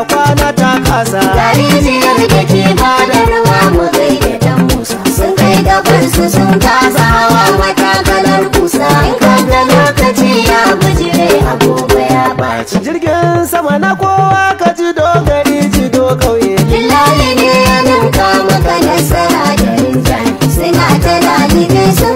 na kwana ta kasa da ke ruwa mu gaida musa sun kai gabar su sun kasa hawa matakalar kusa in kaga lokaci ya bujire agogo ya baci jirgin sama na kowa ka ji dogari ji do kauye lillahi ne ya ninka maka nasara da rinjani suna ta lalibin su